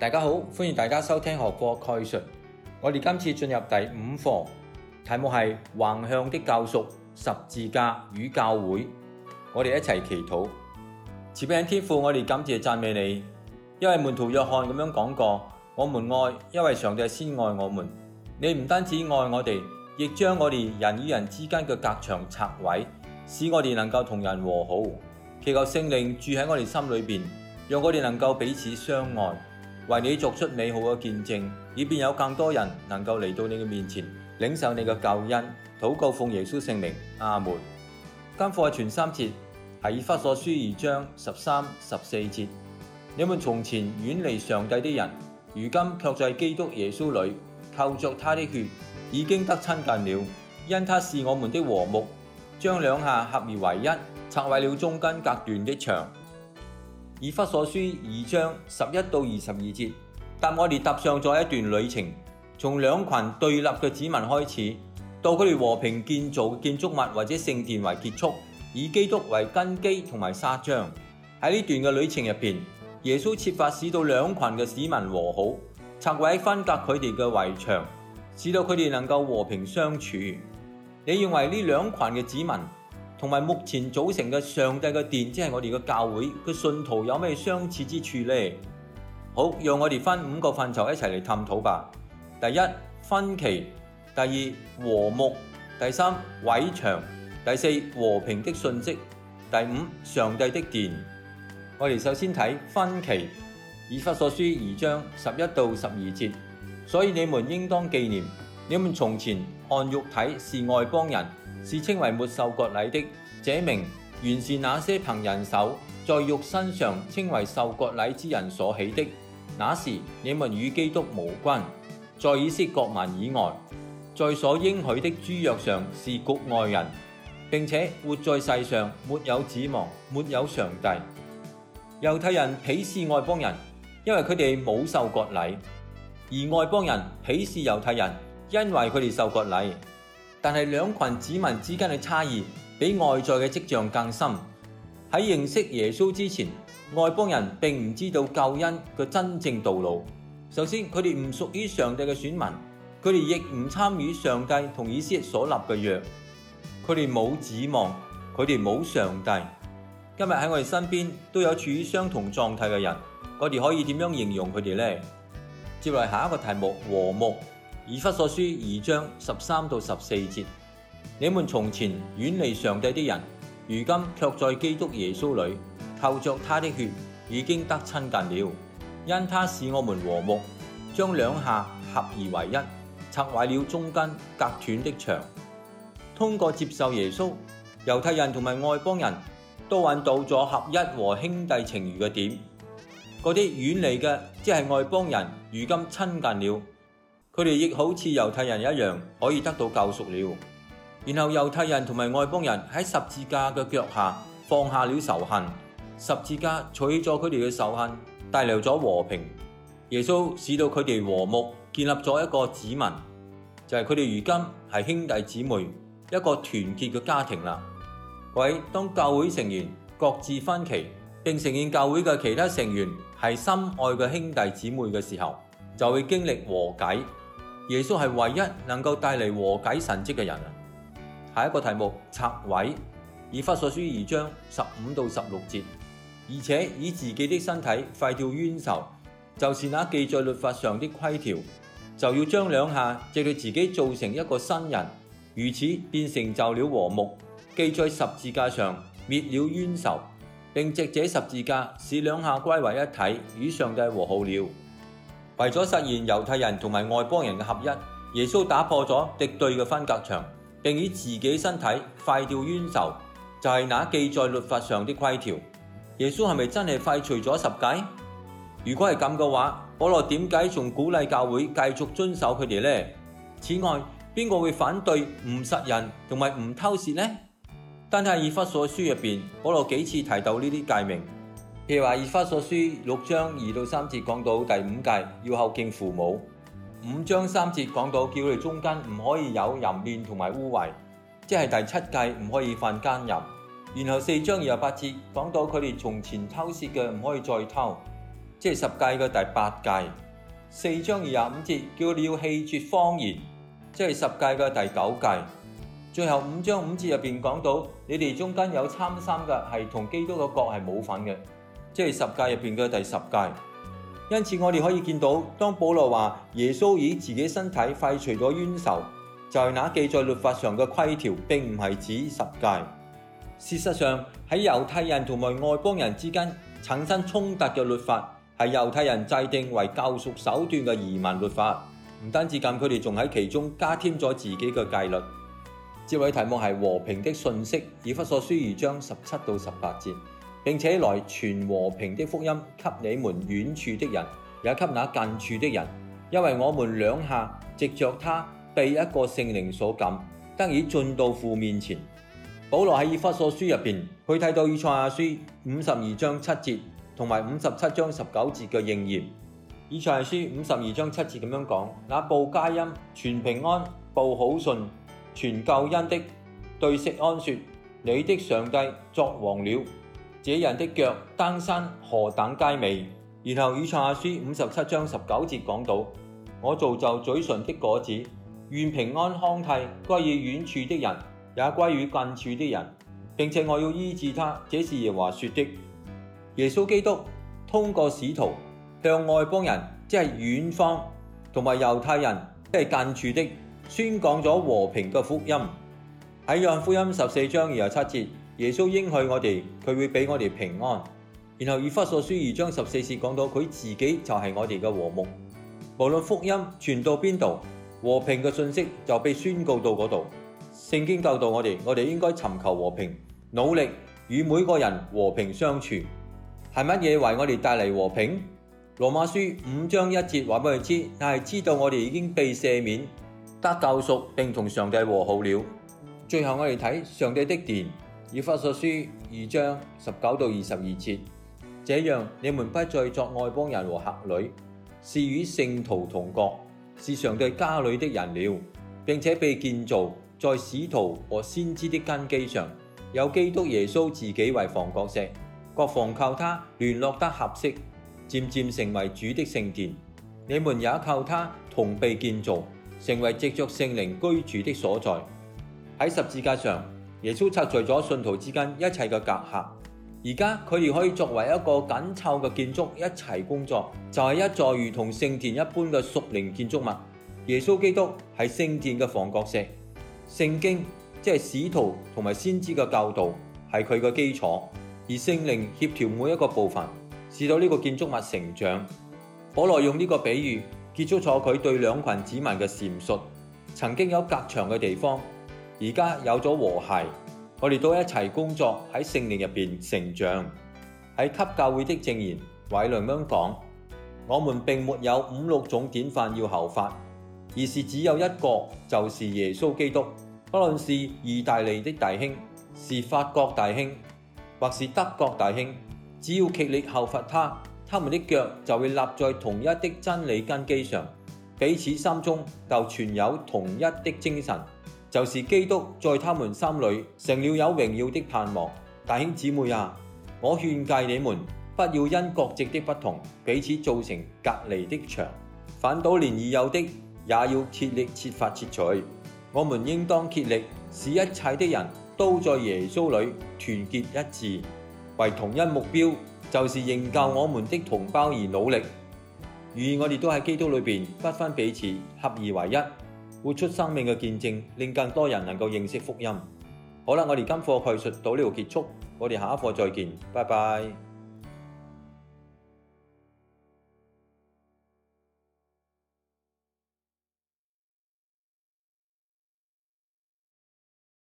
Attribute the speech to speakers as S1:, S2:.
S1: 大家好，歡迎大家收聽學過概述。我哋今次進入第五課，題目係橫向的救贖十字架與教會。我哋一齊祈禱，慈悲嘅天父。我哋感謝讚美你，因為門徒約翰咁樣講過，我們愛，因為上帝先愛我們。你唔單止愛我哋，亦將我哋人與人之間嘅隔牆拆毀，使我哋能夠同人和好。祈求聖靈住喺我哋心裏邊，讓我哋能夠彼此相愛。為你作出美好嘅見證，以便有更多人能夠嚟到你嘅面前，領受你嘅救恩。禱告奉耶穌聖名，阿門。今課係全三節，係以弗所書二章十三、十四節：你們從前遠離上帝的人，如今卻在基督耶穌裏，靠着他的血，已經得親近了，因他是我們的和睦，將兩下合而為一，拆毀了中間隔斷的牆。以弗所書二章十一到二十二節，答我哋搭上咗一段旅程，從兩群對立嘅子民開始，到佢哋和平建造嘅建築物或者聖殿為結束，以基督為根基同埋沙漿。喺呢段嘅旅程入邊，耶穌設法使到兩羣嘅子民和好，拆毀分隔佢哋嘅圍牆，使到佢哋能夠和平相處。你認為呢兩群嘅子民，同埋目前組成嘅上帝嘅殿，即係我哋嘅教會，個信徒有咩相似之處咧好，讓我哋分五個範疇一齊嚟探討吧。第一，分歧；第二，和睦；第三，偉長；第四，和平的信息；第五，上帝的殿。我哋首先睇分歧，以弗所書二章十一到十二節。所以你們應當紀念，你們從前按肉體是外邦人。是稱為沒受割禮的，這名原是那些憑人手在肉身上稱為受割禮之人所起的。那時你們與基督無關，在以色列國民以外，在所應許的諸約上是局外人，並且活在世上沒有指望，沒有上帝。猶太人鄙視外邦人，因為佢哋冇受割禮；而外邦人鄙視猶太人，因為佢哋受割禮。但係兩群子民之間嘅差異，比外在嘅跡象更深。喺認識耶穌之前，外邦人並唔知道救恩嘅真正道路。首先，佢哋唔屬於上帝嘅選民，佢哋亦唔參與上帝同以色列所立嘅約。佢哋冇指望，佢哋冇上帝。今日喺我哋身邊都有處於相同狀態嘅人，我哋可以點樣形容佢哋呢？接嚟下一個題目：和睦。以弗所書二章十三到十四節：你們從前遠離上帝的人，如今卻在基督耶穌裏，透着他的血，已經得親近了。因他使我們和睦，將兩下合而為一，拆毀了中間隔斷的牆。通過接受耶穌，猶太人同埋外邦人都揾到咗合一和兄弟情誼嘅點。嗰啲遠離嘅，即係外邦人，如今親近了。佢哋亦好似猶太人一樣，可以得到救贖了。然後猶太人同埋外邦人喺十字架嘅腳下放下了仇恨，十字架取咗佢哋嘅仇恨，帶來咗和平。耶穌使到佢哋和睦，建立咗一個子民，就係佢哋如今係兄弟姊妹，一個團結嘅家庭啦。各位，當教會成員各自分歧，並承認教會嘅其他成員係深愛嘅兄弟姊妹嘅時候，就會經歷和解。耶穌係唯一能夠帶嚟和解神蹟嘅人。下一個題目拆毀。以弗所書二章十五到十六節，而且以自己的身體廢掉冤仇，就是那記在律法上的規條，就要將兩下藉著自己造成一個新人，如此便成就了和睦。既在十字架上滅了冤仇，並藉這十字架使兩下歸為一體，與上帝和好了。為咗實現猶太人同埋外邦人嘅合一，耶穌打破咗敵對嘅分隔牆，並以自己身體廢掉冤仇，就係、是、那記載律法上的規條。耶穌係咪真係廢除咗十誡？如果係咁嘅話，保羅點解仲鼓勵教會繼續遵守佢哋呢？此外，邊個會反對唔殺人同埋唔偷竊呢？但係以弗所書入面，保羅幾次提到呢啲誡命。譬如話，以弗所書六章二到三節講到第五戒要孝敬父母；五章三節講到叫你中間唔可以有淫亂同埋污穢，即係第七戒唔可以犯奸淫。然後四章二十八節講到佢哋從前偷竊嘅唔可以再偷，即係十戒嘅第八戒。四章二十五節叫你要棄絕方言，即係十戒嘅第九戒。最後五章五節入邊講到你哋中間有參差嘅係同基督嘅國係冇份嘅。.即係十誡入邊嘅第十誡，因此，我哋可以見到，當保羅話耶穌以自己身體廢除咗冤仇，在、就是、那記載律法上嘅規條，並唔係指十誡。事實上，喺猶太人同埋外邦人之間產生衝突嘅律法，係猶太人制定為救贖手段嘅移民律法。唔單止咁，佢哋仲喺其中加添咗自己嘅戒律。接位題目係和平的信息，以弗所書二章十七到十八節。並且來傳和平的福音，給你們遠處的人，也給那近處的人，因為我們兩下藉着他被一個聖靈所感，得以進到父面前。保羅喺以弗所書入面去睇到以賽亞書五十二章七節同埋五十七章十九節嘅應驗。以賽亞書五十二章七節咁樣講：那報佳音、傳平安、報好信、傳救恩的，對錫安說：你的上帝作王了。這人的腳、登山何等佳美！然後以賽亞書五十七章十九節講到：我造就嘴唇的果子，願平安康泰歸於遠處的人，也歸於近處的人，並且我要醫治他。這是耶和華說的。耶穌基督通過使徒向外邦人，即係遠方，同埋猶太人，即係近處的，宣講咗和平嘅福音。喺約翰福音十四章二十七節。耶穌應許我哋，佢會俾我哋平安。然後以弗所書二章十四節講到，佢自己就係我哋嘅和睦。無論福音傳到邊度，和平嘅信息就被宣告到嗰度。聖經教導我哋，我哋應該尋求和平，努力與每個人和平相處。係乜嘢為我哋帶嚟和平？羅馬書五章一節話俾佢知，但係知道我哋已經被赦免，得救贖，並同上帝和好了。最後我哋睇上帝的電。以弗所書二章十九到二十二節，這樣你們不再作外邦人和客旅，是與聖徒同國，是上帝家裏的人了。並且被建造在使徒和先知的根基上，有基督耶穌自己為房角石，各房靠他聯絡得合適，漸漸成為主的聖殿。你們也靠他同被建造，成為藉著聖靈居住的所在。喺十字架上。耶穌拆除咗信徒之間一切嘅隔閡，而家佢哋可以作為一個緊湊嘅建築一齊工作，就係、是、一座如同聖殿一般嘅屬靈建築物。耶穌基督係聖殿嘅房角石，聖經即係使徒同埋先知嘅教導係佢嘅基礎，而聖靈協調每一個部分，使到呢個建築物成長。保羅用呢個比喻結束咗佢對兩群子民嘅闡述，曾經有隔牆嘅地方。而家有咗和諧，我哋都一齊工作，喺聖靈入邊成長。喺給教會的證言，懷愛倫噉講：我們並沒有五六種典範要效法，而是只有一個，就是耶穌基督。不論是意大利的大興，是法國大興，或是德國大興，只要極力效法他，他們的腳就會立在同一的真理根基上，彼此心中就存有同一的精神。就是基督在他們心裏成了有榮耀的盼望。弟兄姊妹啊，我勸誡你們不要因國籍的不同彼此造成隔離的牆，反倒連已有的也要竭力設法撤除。我們應當竭力使一切的人都在耶穌裏團結一致，為同一目標，就是營救我們的同胞而努力。願我哋都喺基督裏邊不分彼此，合而為一。活出生命嘅見證，令更多人能夠認識福音。好啦，我哋今課嘅敘述到呢度結束，我哋下一課再見，拜拜。